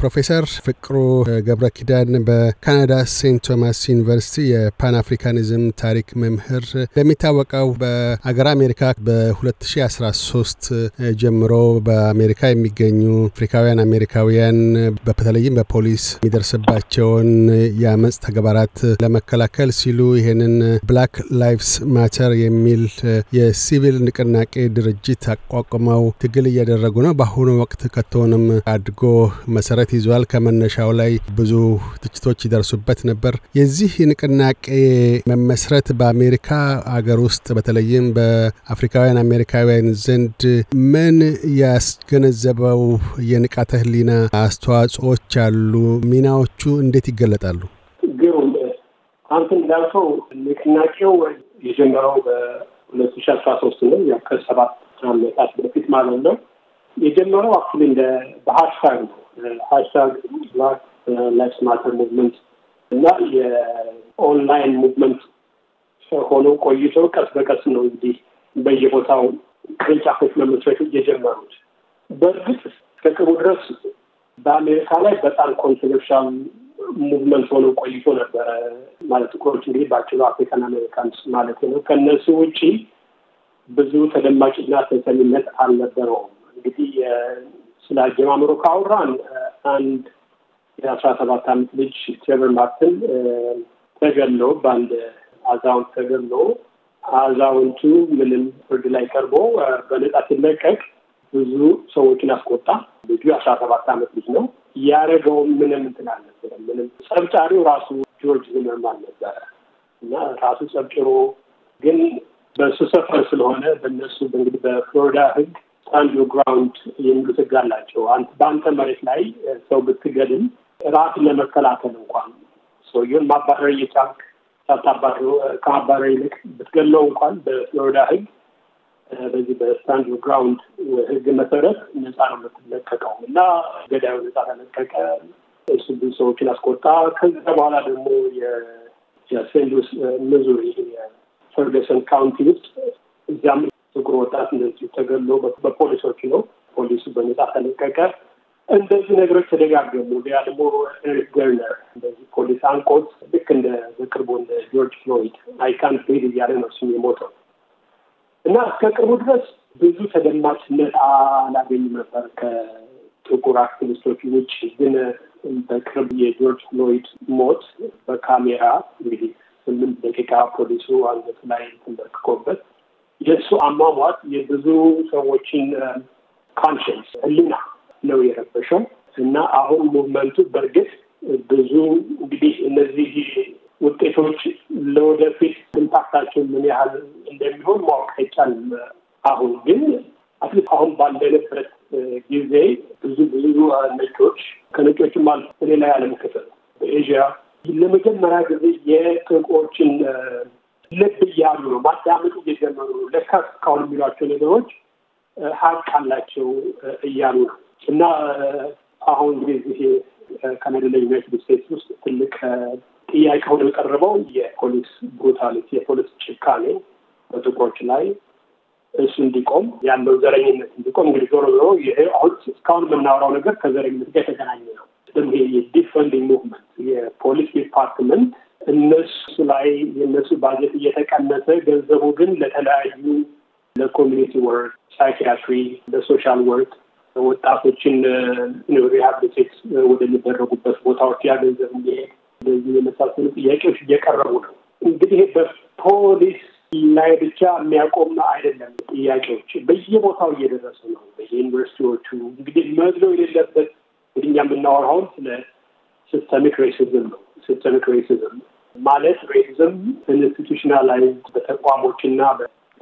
ፕሮፌሰር ፍቅሩ ገብረ ኪዳን በካናዳ ሴንት ቶማስ ዩኒቨርሲቲ የፓን አፍሪካኒዝም ታሪክ መምህር፣ እንደሚታወቀው በአገር አሜሪካ በ2013 ጀምሮ በአሜሪካ የሚገኙ አፍሪካውያን አሜሪካውያን በተለይም በፖሊስ የሚደርስባቸውን የአመፅ ተግባራት ለመከላከል ሲሉ ይህንን ብላክ ላይቭስ ማተር የሚል የሲቪል ንቅናቄ ድርጅት አቋቁመው ትግል እያደረጉ ነው። በአሁኑ ወቅት ከቶንም አድጎ መሰረት ትኩረት ይዟል። ከመነሻው ላይ ብዙ ትችቶች ይደርሱበት ነበር። የዚህ ንቅናቄ መመስረት በአሜሪካ አገር ውስጥ በተለይም በአፍሪካውያን አሜሪካውያን ዘንድ ምን ያስገነዘበው የንቃተ ህሊና አስተዋጽኦች አሉ? ሚናዎቹ እንዴት ይገለጣሉ? ግሩም አንተ እንዳልከው ንቅናቄው የጀመረው በሁለት ሺ አስራ ሶስት ነው ከሰባት ዓመታት በፊት ማለት ነው። የጀመረው አክል እንደ በሀሳብ ነው ሀሽታግ ብላክ ላይፍስ ማተር ሙቭመንት እና የኦንላይን ሙቭመንት ሆኖ ቆይቶ ቀስ በቀስ ነው እንግዲህ በየቦታው ቅርንጫፎች መመስረት የጀመሩት። በእርግጥ ከቅርቡ ድረስ በአሜሪካ ላይ በጣም ኮንትሮቨርሻል ሙቭመንት ሆኖ ቆይቶ ነበረ። ማለት ጥቁሮች እንግዲህ በአጭሩ አፍሪካን አሜሪካንስ ማለት ነው። ከእነሱ ውጪ ብዙ ተደማጭና ተሰሚነት አልነበረውም። እንግዲህ ስለ አጀማመሩ ካወራን አንድ የአስራ ሰባት አመት ልጅ ትሬቨር ማርትን ተገሎ በአንድ አዛውንት ተገሎ አዛውንቱ ምንም ፍርድ ላይ ቀርቦ በነጻ ሲለቀቅ ብዙ ሰዎችን አስቆጣ። ልጁ አስራ ሰባት አመት ልጅ ነው። ያደረገውን ምንም እንትን አልነበረ። ምንም ጸብጫሪው ራሱ ጆርጅ ዝመርማን ነበረ እና ራሱ ጸብጭሮ ግን በእሱ ሰፈር ስለሆነ በእነሱ እንግዲህ በፍሎሪዳ ህግ ሳንድ ግራውንድ የሚሉት ህግ አላቸው። በአንተ መሬት ላይ ሰው ብትገድም ራስን ለመከላከል እንኳን ሰውየን ማባረር እየቻልክ ሳታባረ ከማባረር ይልቅ ብትገለው እንኳን በፍሎሪዳ ህግ በዚህ በስታንድ ዮር ግራውንድ ህግ መሰረት ነፃ ነው የምትለቀቀው እና ገዳዩ ነፃ ተለቀቀ። እሱ ብዙ ሰዎችን አስቆጣ። ከዛ በኋላ ደግሞ የሴንት ሉዊስ ሚዙሪ ፈርገሰን ካውንቲ ውስጥ እዚያም ጥቁር ወጣት እንደዚሁ ተገሎ በፖሊሶች ነው። ፖሊሱ በነጻ ተለቀቀ። እንደዚህ ነገሮች ተደጋገሙ። ያ ደግሞ ኤሪክ ገርነር እንደዚህ ፖሊስ አንቆት ልክ እንደ በቅርቡ እንደ ጆርጅ ፍሎይድ አይካን ፌል እያለ ነው እሱም የሞተው እና እስከ ቅርቡ ድረስ ብዙ ተደማጭነት አላገኝ ነበር ከጥቁር አክቲቪስቶች ውጭ። ግን በቅርብ የጆርጅ ፍሎይድ ሞት በካሜራ እንግዲህ ስምንት ደቂቃ ፖሊሱ አንገት ላይ ተንበርክኮበት የእሱ አሟሟት የብዙ ሰዎችን ካንሽንስ ህሊና ነው የረበሸው እና አሁን ሙቭመንቱ በእርግጥ ብዙ እንግዲህ እነዚህ ውጤቶች ለወደፊት ኢምፓክታቸው ምን ያህል እንደሚሆን ማወቅ አይቻልም። አሁን ግን አትሊስት አሁን ባለንበት ጊዜ ብዙ ብዙ ነጮች ከነጮች አልፎ ሌላ የዓለም ክፍል በኤዥያ ለመጀመሪያ ጊዜ የጥቁሮችን ልብ እያሉ ነው ማዳመጡ እየጀመሩ ነው። ለካ እስካሁን የሚሏቸው ነገሮች ሀቅ አላቸው እያሉ ነው እና አሁን እንግዲህ እዚህ ካናዳ ዩናይትድ ስቴትስ ውስጥ ትልቅ ጥያቄ ሆኖ የቀረበው የፖሊስ ብሩታሊቲ የፖሊስ ጭካኔ በጥቁሮች ላይ እሱ እንዲቆም ያለው ዘረኝነት እንዲቆም እንግዲህ ዞሮ ዞሮ ይሄ አሁን እስካሁን የምናወራው ነገር ከዘረኝነት ጋር የተገናኘ ነው። ይሄ የዲፈንዲንግ ሙቭመንት የፖሊስ ዲፓርትመንት እነሱ ላይ የእነሱ ባጀት እየተቀነሰ ገንዘቡ ግን ለተለያዩ ለኮሚኒቲ ወርክ፣ ሳይኪያትሪ፣ ለሶሻል ወርክ ወጣቶችን ሪሃብሊቴት ወደሚደረጉበት ቦታዎች ያገንዘብ እንዲሄድ እንደዚህ የመሳሰሉ ጥያቄዎች እየቀረቡ ነው። እንግዲህ በፖሊስ ላይ ብቻ የሚያቆም አይደለም። ጥያቄዎች በየቦታው እየደረሱ ነው። በየዩኒቨርሲቲዎቹ እንግዲህ መድሎ የሌለበት እኛ የምናወራውን ስለ ሲስተሚክ ሬሲዝም ነው። ሲስተሚክ ሬሲዝም ማለት ሬሲዝም ኢንስቲቱሽናላይዝ በተቋሞችና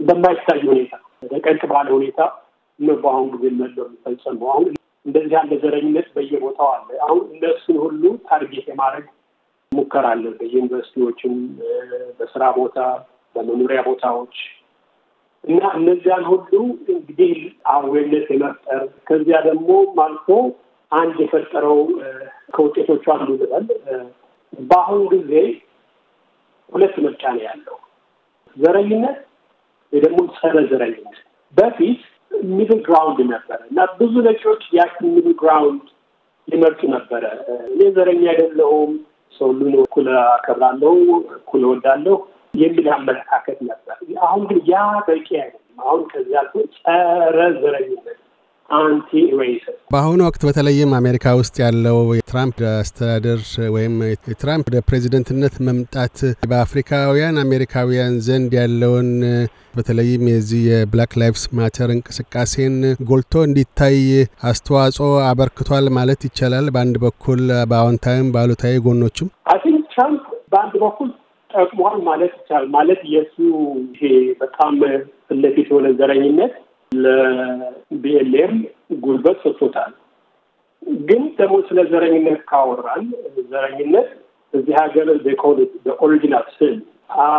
በማይታይ ሁኔታ በቀጥ ባለ ሁኔታ ነው በአሁን ጊዜ መለ የሚፈጸመው። አሁን እንደዚህ ያለ ዘረኝነት በየቦታው አለ። አሁን እነሱን ሁሉ ታርጌት የማድረግ ሙከራ አለ። በዩኒቨርሲቲዎችም፣ በስራ ቦታ፣ በመኖሪያ ቦታዎች እና እነዚያን ሁሉ እንግዲህ አዌርነት የመፍጠር ከዚያ ደግሞ አልፎ አንድ የፈጠረው ከውጤቶቹ አንዱ ልበል በአሁን ጊዜ ሁለት ምርጫ ነው ያለው፣ ዘረኝነት ወይ ደግሞ ጸረ ዘረኝነት። በፊት ሚድል ግራውንድ ነበረ እና ብዙ ነጮች ያቺ ሚድል ግራውንድ ይመርጡ ነበረ። እኔ ዘረኛ አይደለሁም፣ ሰው ሁሉን እኩል አከብራለሁ፣ እኩል እወዳለሁ የሚል አመለካከት ነበር። አሁን ግን ያ በቂ አይደለም። አሁን ከዚያ ጸረ ዘረኝነት አንቲ በአሁኑ ወቅት በተለይም አሜሪካ ውስጥ ያለው የትራምፕ አስተዳደር ወይም የትራምፕ ወደ ፕሬዚደንትነት መምጣት በአፍሪካውያን አሜሪካውያን ዘንድ ያለውን በተለይም የዚህ የብላክ ላይቭስ ማተር እንቅስቃሴን ጎልቶ እንዲታይ አስተዋጽኦ አበርክቷል ማለት ይቻላል። በአንድ በኩል በአዎንታዊም በአሉታዊ ጎኖችም አይ ትራምፕ በአንድ በኩል ጠቅሟል ማለት ይቻላል። ማለት የእሱ ይሄ በጣም ፊት ለፊት የሆነ ዘረኝነት ለቢኤልኤም ጉልበት ሰጥቶታል። ግን ደግሞ ስለ ዘረኝነት ካወራል ዘረኝነት እዚህ ሀገር በኦሪጂናል ስል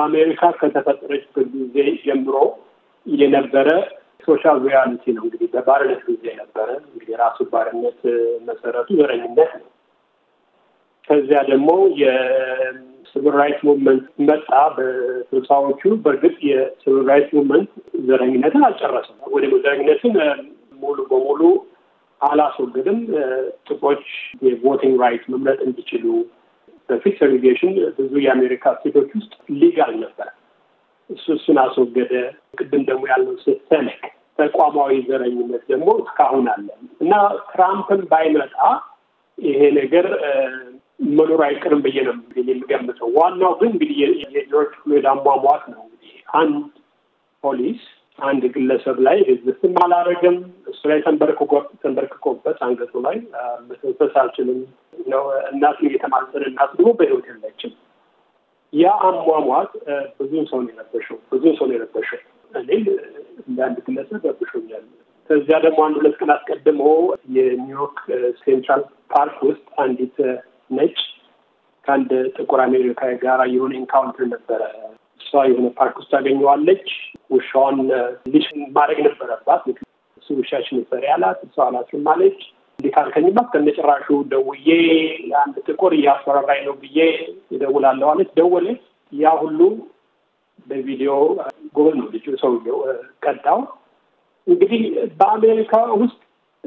አሜሪካ ከተፈጠረችበት ጊዜ ጀምሮ የነበረ ሶሻል ሪያሊቲ ነው። እንግዲህ በባርነት ጊዜ የነበረ እንግዲህ የራሱ ባርነት መሰረቱ ዘረኝነት ነው። ከዚያ ደግሞ ሲቪል ራይት ሙቭመንት መጣ በስልሳዎቹ። በእርግጥ የሲቪል ራይት ሙቭመንት ዘረኝነትን አልጨረሰም፣ ወደ ዘረኝነትን ሙሉ በሙሉ አላስወገድም። ጥቆች የቮቲንግ ራይት መምረጥ እንዲችሉ በፊት ሴግሪጌሽን ብዙ የአሜሪካ ስቴቶች ውስጥ ሊጋል ነበር። እሱ እሱን አስወገደ። ቅድም ደግሞ ያለው ሴኔክ ተቋማዊ ዘረኝነት ደግሞ እስካሁን አለ እና ትራምፕን ባይመጣ ይሄ ነገር መኖር አይቀርም ብዬ ነው የሚገምተው። ዋናው ግን እንግዲህ የጆርጅ ፍሎይድ አሟሟት ነው። እንግዲህ አንድ ፖሊስ አንድ ግለሰብ ላይ ሬዚስትም አላረገም፣ እሱ ላይ ተንበርክኮበት አንገቱ ላይ መተንፈስ አልችልም ነው እናቱን እየተማጸነ እናቱ ደግሞ በህይወት የለችም። ያ አሟሟት ብዙ ሰው ነው የረበሸው፣ ብዙ ሰው ነው የረበሸው። እኔ እንደ አንድ ግለሰብ ረብሾኛል። ከዚያ ደግሞ አንድ ሁለት ቀን አስቀድሞ የኒውዮርክ ሴንትራል ፓርክ ውስጥ አንዲት ነጭ ከአንድ ጥቁር አሜሪካዊ ጋር የሆነ ኢንካውንትር ነበረ። እሷ የሆነ ፓርክ ውስጥ ታገኘዋለች። ውሻዋን ልጅ ማድረግ ነበረባት። እሱ ውሻችን ሰሪ ያላት እሷ አላስም አለች። እንዲህ ካልከኝባት ከነጭራሹ ደውዬ አንድ ጥቁር እያስፈራራኝ ነው ብዬ እደውላለሁ አለች። ደወለች። ያ ሁሉ በቪዲዮ ጎበዝ ነው ልጁ ሰውዬው ቀዳው። እንግዲህ በአሜሪካ ውስጥ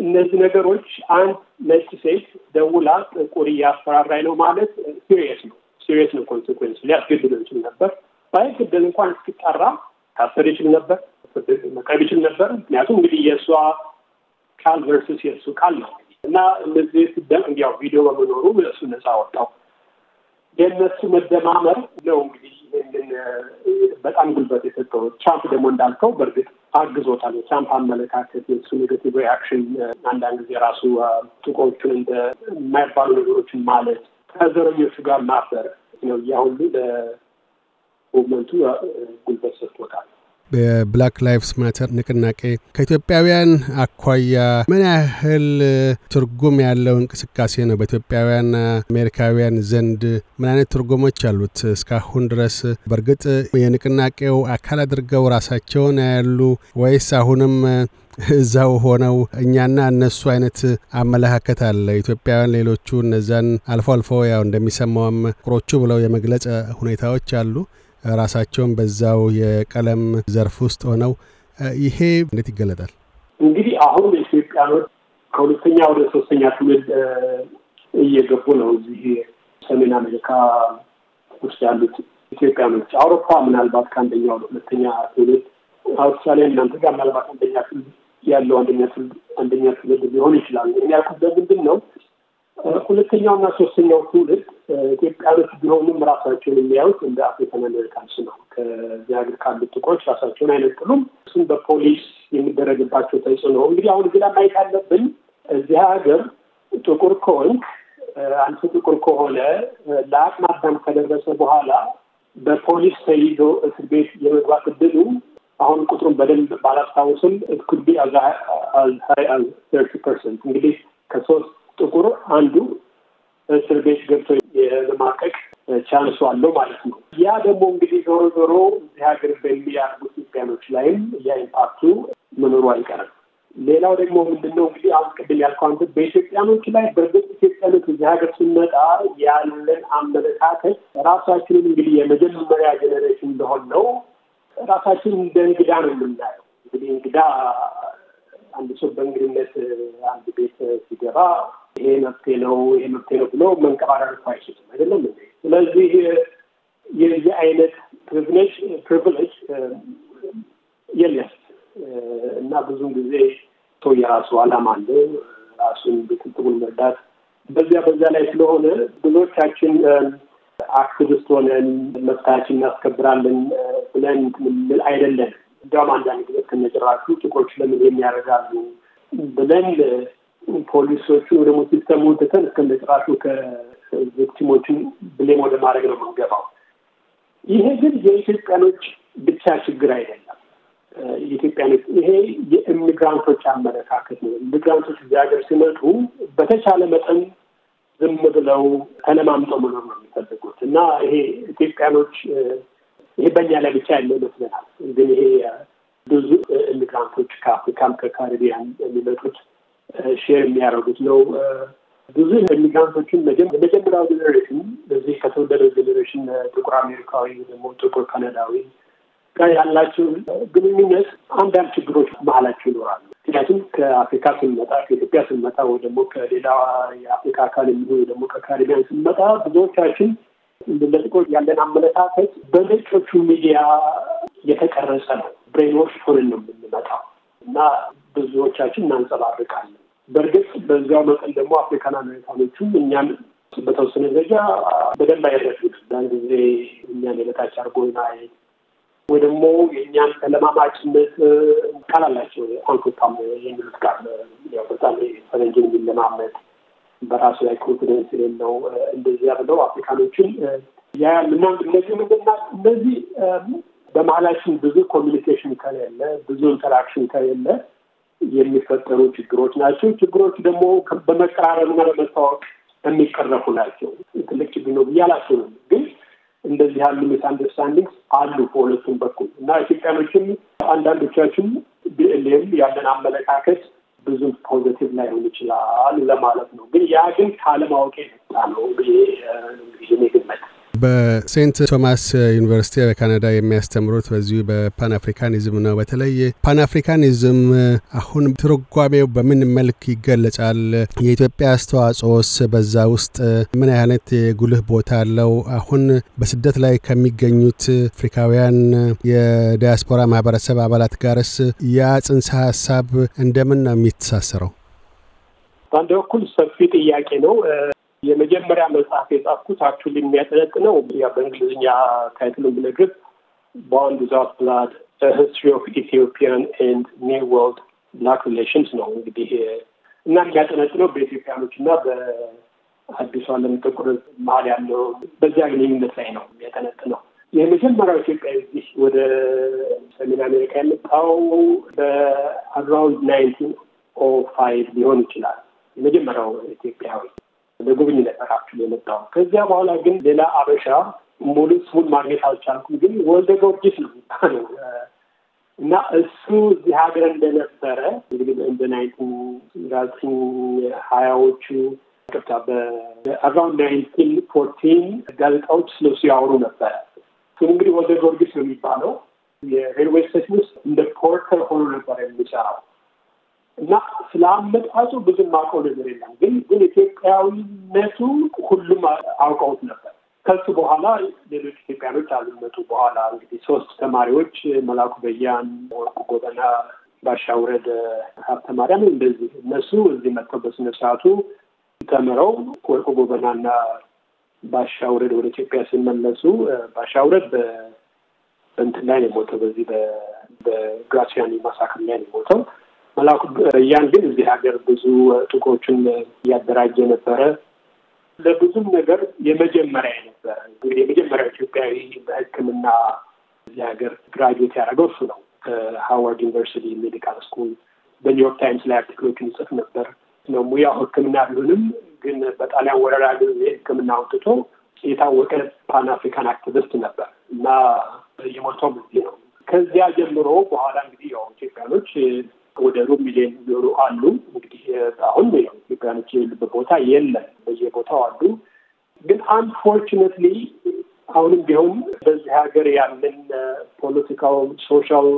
እነዚህ ነገሮች አንድ ነጭ ሴት ደውላ ጥቁር እያስፈራራኝ ነው ማለት ሲሪየስ ነው ሲሪየስ ነው ኮንስኩዌንስ ሊያስገድል ይችል ነበር። ባይገደል እንኳን እስኪጠራ ታሰር ይችል ነበር፣ መቅረብ ይችል ነበር። ምክንያቱም እንግዲህ የእሷ ቃል ቨርስስ የእሱ ቃል ነው እና እነዚህ ስደም እንዲያው ቪዲዮ በመኖሩ እሱ ነፃ ወጣው። የእነሱ መደማመር ነው እንግዲህ ይህንን በጣም ጉልበት የሰጠው። ትራምፕ ደግሞ እንዳልከው በእርግጥ አግዞታል። የትራምፕ አመለካከት የሱ ኔጋቲቭ ሪያክሽን አንዳንድ ጊዜ ራሱ ጥቁሮቹን እንደ የማይባሉ ነገሮችን ማለት ከዘረኞቹ ጋር ማበር ነው። ያ ሁሉ ጉልበት ሰጥቶታል። በብላክ ላይቭስ ማተር ንቅናቄ ከኢትዮጵያውያን አኳያ ምን ያህል ትርጉም ያለው እንቅስቃሴ ነው? በኢትዮጵያውያን አሜሪካውያን ዘንድ ምን አይነት ትርጉሞች አሉት? እስካሁን ድረስ በእርግጥ የንቅናቄው አካል አድርገው ራሳቸውን ያሉ ወይስ አሁንም እዛው ሆነው እኛና እነሱ አይነት አመለካከት አለ። ኢትዮጵያውያን ሌሎቹ እነዛን አልፎ አልፎ ያው እንደሚሰማውም ቁሮቹ ብለው የመግለጽ ሁኔታዎች አሉ። ራሳቸውን በዛው የቀለም ዘርፍ ውስጥ ሆነው ይሄ እንዴት ይገለጣል? እንግዲህ አሁን ኢትዮጵያኖች ከሁለተኛ ወደ ሶስተኛ ትውልድ እየገቡ ነው። እዚህ ሰሜን አሜሪካ ውስጥ ያሉት ኢትዮጵያኖች፣ አውሮፓ ምናልባት ከአንደኛ ወደ ሁለተኛ ትውልድ፣ አውስትራሊያ እናንተ ጋር ምናልባት አንደኛ ትውልድ ያለው አንደኛ ትውልድ አንደኛ ትውልድ ሊሆን ይችላል። ያልኩት በምንድን ነው ሁለተኛውና ሶስተኛው ትውልድ ኢትዮጵያኖች ቢሆኑም ራሳቸውን የሚያዩት እንደ አፍሪካን አሜሪካንስ ነው። ከዚህ ሀገር ካሉ ጥቁሮች ራሳቸውን አይነጥሉም። እሱም በፖሊስ የሚደረግባቸው ተጽዕኖ እንግዲህ አሁን ግዳ ማየት አለብን። እዚህ ሀገር ጥቁር ከሆንክ አንተ ጥቁር ከሆነ ለአቅመ አዳም ከደረሰ በኋላ በፖሊስ ተይዞ እስር ቤት የመግባት እድሉ አሁን ቁጥሩን በደንብ ባላስታውስም ኢት ኩድ ፐርሰንት እንግዲህ ከሶስት ጥቁር አንዱ እስር ቤት ገብቶ የለማቀቅ ቻንሱ አለው ማለት ነው። ያ ደግሞ እንግዲህ ዞሮ ዞሮ እዚህ ሀገር በሚያርጉ ኢትዮጵያኖች ላይም ኢምፓክቱ መኖሩ አይቀርም። ሌላው ደግሞ ምንድነው እንግዲህ አሁን ቅድም ያልከው አንተ በኢትዮጵያኖች ላይ በእርግጥ ኢትዮጵያኖች እዚህ ሀገር ስንመጣ ያለን አመለካከት ራሳችንን እንግዲህ የመጀመሪያ ጀኔሬሽን እንደሆን ነው ራሳችን እንደ እንግዳ ነው የምናየው። እንግዲህ እንግዳ አንድ ሰው በእንግድነት አንድ ቤት ሲገባ ይሄ መፍትሄ ነው፣ ይሄ መፍትሄ ነው ብሎ መንቀባረር አይችልም። አይደለም እንዴ? ስለዚህ የዚህ አይነት ፕሪቪሌጅ ፕሪቪሌጅ የለም እና ብዙውን ጊዜ ቶ የራሱ አላማ አለ ራሱን ብትጥቡን መርዳት በዚያ በዚያ ላይ ስለሆነ ብዙዎቻችን አክቲቪስት ሆነን መብታችን እናስከብራለን ብለን ምንል አይደለም። እንዲያውም አንዳንድ ጊዜ ከነጭራሹ ጥቁሮች ለምን የሚያደርጋሉ ብለን ፖሊሶቹ ደግሞ ሲስተሙ ትተን እስከ ጭራሹ ከቪክቲሞችን ብሌም ወደ ማድረግ ነው የምንገባው። ይሄ ግን የኢትዮጵያኖች ብቻ ችግር አይደለም። የኢትዮጵያኖች ይሄ የኢሚግራንቶች አመለካከት ነው። ኢሚግራንቶች እዚህ ሀገር ሲመጡ በተቻለ መጠን ዝም ብለው ተለማምጠው መኖር ነው የሚፈልጉት እና ይሄ ኢትዮጵያኖች ይሄ በእኛ ላይ ብቻ ያለ ይመስለናል። ግን ይሄ ብዙ ኢሚግራንቶች ከአፍሪካም ከካሪቢያን የሚመጡት ሼር የሚያደርጉት ነው። ብዙ ኢሚግራንቶችን መጀመሪያው ጀኔሬሽን እዚህ ከተወለደው ጀኔሬሽን ጥቁር አሜሪካዊ ደግሞ ጥቁር ካናዳዊ ጋር ያላቸው ግንኙነት አንዳንድ ችግሮች መሀላቸው ይኖራሉ። ምክንያቱም ከአፍሪካ ስንመጣ ከኢትዮጵያ ስንመጣ ወይ ደግሞ ከሌላ የአፍሪካ አካል የሚሆን ደግሞ ከካሪቢያን ስንመጣ ብዙዎቻችን ለጥቁር ያለን አመለካከት በነጮቹ ሚዲያ የተቀረጸ ነው። ብሬንዎች ሆነን ነው የምንመጣው እና ብዙዎቻችን እናንጸባርቃለን። በእርግጥ በዚያው መጠን ደግሞ አፍሪካን አሜሪካኖቹም እኛን በተወሰነ ደረጃ በደንብ አይረዱት። አንድ ጊዜ እኛን የበታች አድርጎ ማየት ወይ ደግሞ የእኛን ተለማማጭነት ቃል አላቸው አንኮታም የሚሉት ቃል ያው በጣም ፈረንጅን የሚለማመድ በራሱ ላይ ኮንፊደንስ የሌለው እንደዚያ ብለው አፍሪካኖችን ያያል እና እነዚህ ምንድና እነዚህ በመሀላችን ብዙ ኮሚኒኬሽን ከሌለ ብዙ ኢንተራክሽን ከሌለ የሚፈጠሩ ችግሮች ናቸው። ችግሮች ደግሞ በመቀራረብና በመታወቅ የሚቀረፉ ናቸው። ትልቅ ችግር ነው ብዬ አላስብም። ግን እንደዚህ ያሉ ሚስ አሉ በሁለቱም በኩል እና ኢትዮጵያኖችም አንዳንዶቻችን ቢኤልኤም ያለን አመለካከት ብዙም ፖዘቲቭ ላይሆን ይችላል ለማለት ነው። ግን ያ ግን ካለማወቅ የመጣ ነው ብዬ እንግዲህ ግመት በሴንት ቶማስ ዩኒቨርሲቲ በካናዳ የሚያስተምሩት በዚሁ በፓን አፍሪካኒዝም ነው። በተለይ ፓን አፍሪካኒዝም አሁን ትርጓሜው በምን መልክ ይገለጻል? የኢትዮጵያ አስተዋጽኦስ በዛ ውስጥ ምን አይነት የጉልህ ቦታ አለው? አሁን በስደት ላይ ከሚገኙት አፍሪካውያን የዲያስፖራ ማህበረሰብ አባላት ጋርስ ያ ጽንሰ ሀሳብ እንደምን ነው የሚተሳሰረው? በአንድ በኩል ሰፊ ጥያቄ ነው። የመጀመሪያ መጽሐፍ የጻፍኩት አክቹዋሊ የሚያጠነጥነው በእንግሊዝኛ ታይትሉን ብነግርህ ባውንድ ዊዛውት ብላድ ሂስትሪ ኦፍ ኢትዮጵያን ኤንድ ኒው ወርልድ ብላክ ሪሌሽንስ ነው እንግዲህ እና የሚያጠነጥነው በኢትዮጵያኖች እና በአዲሱ ዓለም ጥቁር መሀል ያለው በዚያ ግንኙነት ላይ ነው የሚያጠነጥነው። የመጀመሪያው ኢትዮጵያዊ እዚህ ወደ ሰሜን አሜሪካ የመጣው በአራውንድ ናይንቲን ኦ ፋይቭ ሊሆን ይችላል። የመጀመሪያው ኢትዮጵያዊ ለጉብኝነት መካከል የመጣው። ከዚያ በኋላ ግን ሌላ አበሻ ሙሉ ስሙን ማግኘት አልቻልኩም፣ ግን ወልደ ጊዮርጊስ ነው እና እሱ እዚህ ሀገር እንደነበረ እንግዲህ በናይቱ ራሲን ሀያዎቹ ቅርታ በአራውንድ ናይንቲን ፎርቲን ጋዜጣዎች ስለ ስለሱ ያወሩ ነበረ። እሱም እንግዲህ ወልደ ጊዮርጊስ ነው የሚባለው የሬልዌይ ስቴሽን ውስጥ እንደ ፖርተር ሆኖ ነበር የሚሰራው እና ስለ አመጣጡ ብዙ አውቀው ነገር የለም። ግን ግን ኢትዮጵያዊነቱ ሁሉም አውቀውት ነበር። ከሱ በኋላ ሌሎች ኢትዮጵያኖች አልመጡ። በኋላ እንግዲህ ሶስት ተማሪዎች መላኩ በያን፣ ወርቁ ጎበና፣ ባሻውረድ ሀብተ ማርያም እንደዚህ እነሱ እዚህ መጥተው በስነ ስርዓቱ ተምረው ወርቁ ጎበናና ባሻ ውረድ ወደ ኢትዮጵያ ሲመለሱ ባሻውረድ በእንትን ላይ ነው የሞተው። በዚህ በግራሲያኒ ማሳክር ላይ ነው የሞተው። መላኩ እያን ግን እዚህ ሀገር ብዙ ጥቁሮችን እያደራጀ ነበረ። ለብዙም ነገር የመጀመሪያ ነበረ። እንግዲህ የመጀመሪያው ኢትዮጵያዊ በሕክምና እዚህ ሀገር ግራጁዌት ያደረገው እሱ ነው ከሃዋርድ ዩኒቨርሲቲ ሜዲካል ስኩል። በኒውዮርክ ታይምስ ላይ አርቲክሎችን ይጽፍ ነበር። ነው ሙያው ሕክምና ቢሆንም ግን በጣሊያን ወረራ ጊዜ ሕክምና አውጥቶ የታወቀ ፓን አፍሪካን አክቲቪስት ነበር እና የሞተው እዚህ ነው። ከዚያ ጀምሮ በኋላ እንግዲህ ያው ኢትዮጵያኖች ወደ ሩብ ሚሊዮን የሚሆኑ አሉ። እንግዲህ አሁን ኢትዮጵያኖች የሌሉበት ቦታ የለም፣ በየቦታው አሉ። ግን አንፎርችነትሊ አሁንም ቢሆን በዚህ ሀገር ያለን ፖለቲካው፣ ሶሻል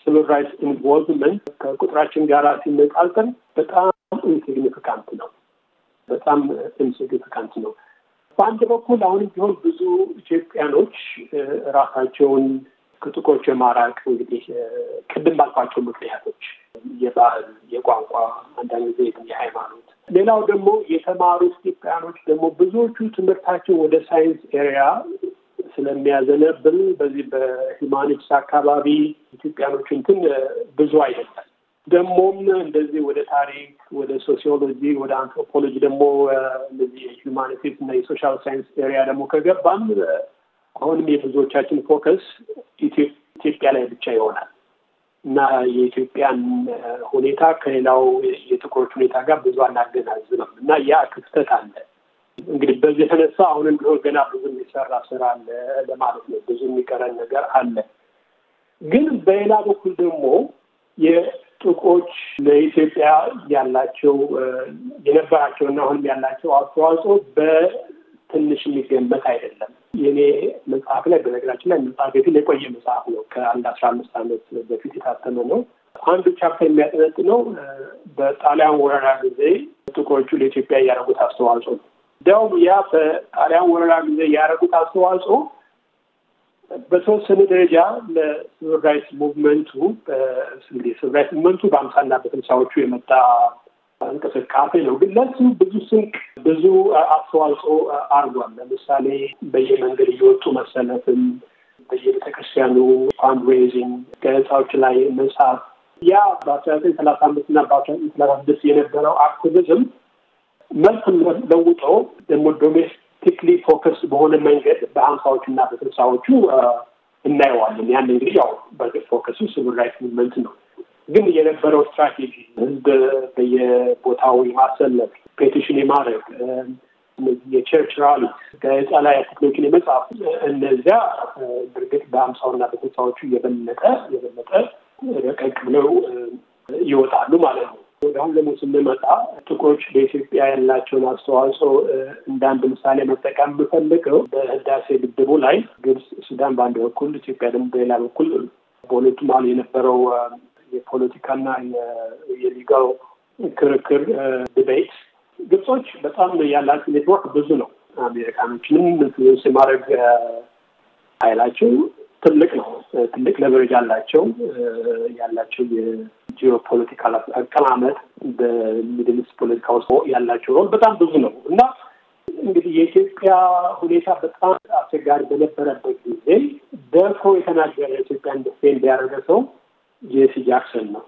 ሲቪል ራይትስ ኢንቮልቭመንት ከቁጥራችን ጋር ሲነጻጸር በጣም ኢንሲግኒፊካንት ነው። በጣም ኢንሲግኒፊካንት ነው። በአንድ በኩል አሁንም ቢሆን ብዙ ኢትዮጵያኖች ራሳቸውን ከጥቁሮች የማራቅ እንግዲህ ቅድም ባልኳቸው ምክንያቶች የባህል፣ የቋንቋ፣ አንዳንድ ጊዜ የሃይማኖት፣ ሌላው ደግሞ የተማሩ ኢትዮጵያኖች ደግሞ ብዙዎቹ ትምህርታቸው ወደ ሳይንስ ኤሪያ ስለሚያዘነብል በዚህ በሂማኒቲስ አካባቢ ኢትዮጵያኖች እንትን ብዙ አይደለም። ደግሞም እንደዚህ ወደ ታሪክ፣ ወደ ሶሲዮሎጂ፣ ወደ አንትሮፖሎጂ ደግሞ እንደዚህ የሂማኒቲስ እና የሶሻል ሳይንስ ኤሪያ ደግሞ ከገባም አሁንም የብዙዎቻችን ፎከስ ኢትዮጵያ ላይ ብቻ ይሆናል እና የኢትዮጵያን ሁኔታ ከሌላው የጥቁሮች ሁኔታ ጋር ብዙ አናገናዝብም እና ያ ክፍተት አለ። እንግዲህ በዚህ የተነሳ አሁንም ቢሆን ገና ብዙ የሚሰራ ስራ አለ ለማለት ነው። ብዙ የሚቀረን ነገር አለ። ግን በሌላ በኩል ደግሞ የጥቁሮች ለኢትዮጵያ ያላቸው የነበራቸው እና አሁንም ያላቸው አስተዋጽኦ ትንሽ የሚገመት አይደለም። የኔ መጽሐፍ ላይ በነገራችን ላይ መጽሐፍ የፊል የቆየ መጽሐፍ ነው። ከአንድ አስራ አምስት ዓመት በፊት የታተመ ነው። አንዱ ቻፕተር የሚያጠነጥነው በጣሊያን ወረራ ጊዜ ጥቁሮቹ ለኢትዮጵያ እያደረጉት አስተዋጽኦ ነው። እንዲያውም ያ በጣሊያን ወረራ ጊዜ ያደረጉት አስተዋጽኦ በተወሰነ ደረጃ ለሲቪል ራይትስ ሙቭመንቱ ሲቪል ራይትስ ሙቭመንቱ በአምሳና በስልሳዎቹ የመጣ እንቅስቃሴ ነው። ግን ለዚሁ ብዙ ስንቅ ብዙ አስተዋጽኦ አድርጓል። ለምሳሌ በየመንገድ እየወጡ መሰለፍም፣ በየቤተክርስቲያኑ ፋንድሬዚንግ፣ ገለጻዎች ላይ መጽሐፍ ያ በአስራ ዘጠኝ ሰላሳ አምስት እና በአስራ ዘጠኝ ሰላሳ ስድስት የነበረው አክቲቪዝም መልክ ለውጦ ደግሞ ዶሜስቲክሊ ፎከስ በሆነ መንገድ በሀምሳዎቹ እና በስልሳዎቹ uh, እናየዋለን። ያን እንግዲህ ያው በእርግጥ ፎከሱ ሲቪል ራይትስ ሙቭመንት ነው። ግን የነበረው ስትራቴጂ ህዝብ በየቦታው የማሰለፍ ፔቲሽን የማድረግ የቸርች ራሊ ጋዜጣ ላይ አርቲክሎችን የመጻፍ እነዚያ በእርግጥ በሀምሳውና በስልሳዎቹ የበለጠ የበለጠ ረቀቅ ብለው ይወጣሉ ማለት ነው። ወደ አሁን ደግሞ ስንመጣ ጥቁሮች በኢትዮጵያ ያላቸውን አስተዋጽኦ እንዳንድ ምሳሌ መጠቀም የምፈልገው በህዳሴ ግድቡ ላይ ግብጽ፣ ሱዳን በአንድ በኩል ኢትዮጵያ ደግሞ በሌላ በኩል በሁለቱ መሀል የነበረው የፖለቲካና የሊጋው ክርክር ዲቤት ግብጾች በጣም ያላቸው ኔትወርክ ብዙ ነው። አሜሪካኖችንም ኢንፍሉዌንስ የማድረግ ኃይላቸው ትልቅ ነው። ትልቅ ለቨሬጅ አላቸው። ያላቸው የጂኦ ፖለቲካል አቀማመጥ በሚድልስ ፖለቲካ ውስጥ ያላቸው ሮል በጣም ብዙ ነው እና እንግዲህ የኢትዮጵያ ሁኔታ በጣም አስቸጋሪ በነበረበት ጊዜ ደርሶ የተናገረ ኢትዮጵያን ዲፌንድ ያደረገ ሰው ጄሲ ጃክሰን ነው።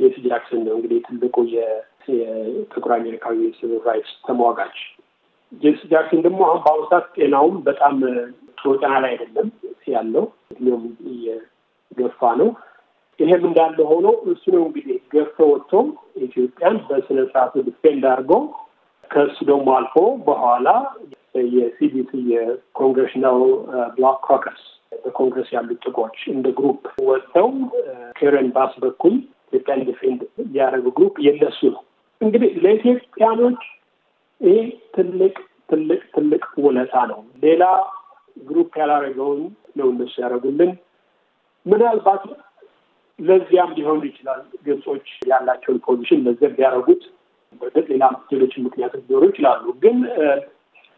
ጄሲ ጃክሰን ነው እንግዲህ ትልቁ የጥቁር አሜሪካዊ ሲቪል ራይትስ ተሟጋች። ጄሲ ጃክሰን ደግሞ አሁን በአሁኑ ሰዓት ጤናውም በጣም ጥሩ ጤና ላይ አይደለም ያለው፣ እድሜውም እየገፋ ነው። ይሄም እንዳለ ሆኖ እሱ ነው እንግዲህ ገፍቶ ወጥቶ ኢትዮጵያን በስነ ስርዓቱ ዲፌንድ አድርጎ ከእሱ ደግሞ አልፎ በኋላ የሲዲሲ የኮንግሬሽናል ብሎክ ኮከስ በኮንግረስ ያሉት ጥቆች እንደ ግሩፕ ወጥተው ከረን ባስ በኩል ኢትዮጵያን ዲፌንድ እያደረጉ ግሩፕ የለሱ ነው። እንግዲህ ለኢትዮጵያኖች ይህ ትልቅ ትልቅ ትልቅ ውለታ ነው። ሌላ ግሩፕ ያላረገውን ነው እነሱ ያደረጉልን። ምናልባት ለዚያም ሊሆኑ ይችላል ግብጾች ያላቸውን ፖዚሽን ለዚያ ቢያደረጉት ሌላ ሌሎች ምክንያቶች ሊኖሩ ይችላሉ። ግን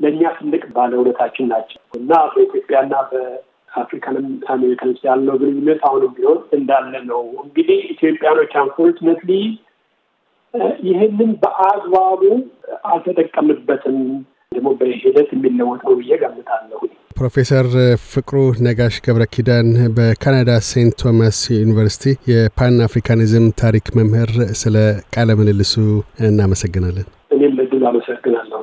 ለእኛ ትልቅ ባለውለታችን ናቸው እና በኢትዮጵያና አፍሪካ አሜሪካ ውስጥ ያለው ግንኙነት አሁንም ቢሆን እንዳለ ነው። እንግዲህ ኢትዮጵያኖች አንፎርችነትሊ ይህንን በአግባቡ አልተጠቀምበትም። ደግሞ በሂደት የሚለወጠው ብዬ ገምታለሁ። ፕሮፌሰር ፍቅሩ ነጋሽ ገብረ ኪዳን በካናዳ ሴንት ቶማስ ዩኒቨርሲቲ የፓን አፍሪካኒዝም ታሪክ መምህር፣ ስለ ቃለ ምልልሱ እናመሰግናለን። እኔም ለድል አመሰግናለሁ።